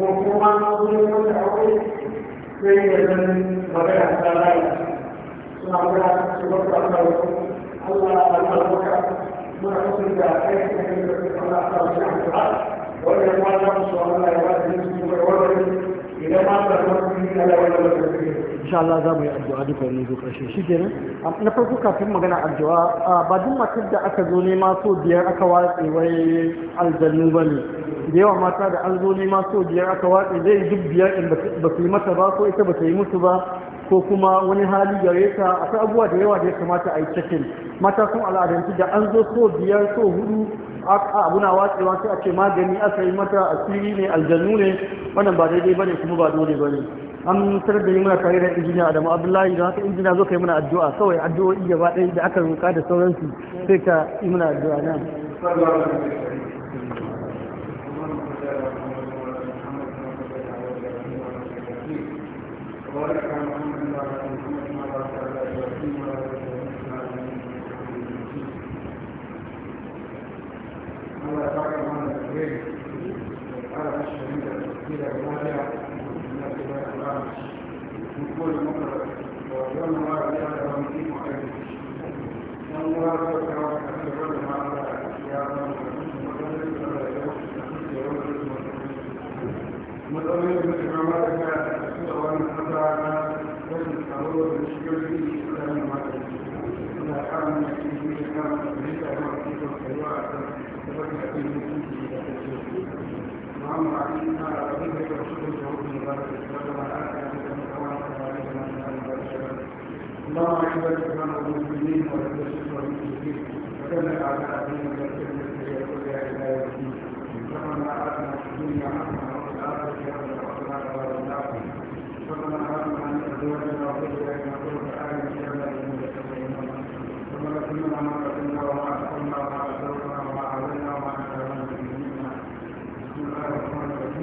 وكما نظر الأول سيدا وبيع السلام سنعبد سبحانه وتعالى الله أكبر ما حسن ذلك من الله تعالى ويقال الله سبحانه وتعالى insha Allah za mu yi addu'a duka ne zo karshe shi kenan na farko kafin magana addu'a ba duk matar da aka zo nema so biyar aka watse wai aljanu ba ne da yawa mata da an zo nema so biyar aka watse zai duk biyar in ba su yi mata ba ko ita ba ta yi musu ba ko kuma wani hali gare ta akwai abubuwa da yawa da ya kamata a yi cikin mata sun al'adanci da an zo so biyar so hudu abuna watsewa sai a ce magani aka yi mata asiri ne aljanu ne wannan ba daidai bane kuma ba dole bane an tar da yi muna tare da injiniya Adamu Abdullahi da haka injiniya zo kai mana addu'a kawai addu'o'i gaba ɗaya da aka roka da sauransu sai ka yi muna addu'a nan Ahora, اللهم اعز الاسلام والمسلمين ولا تشرك به وكل اعداء دينك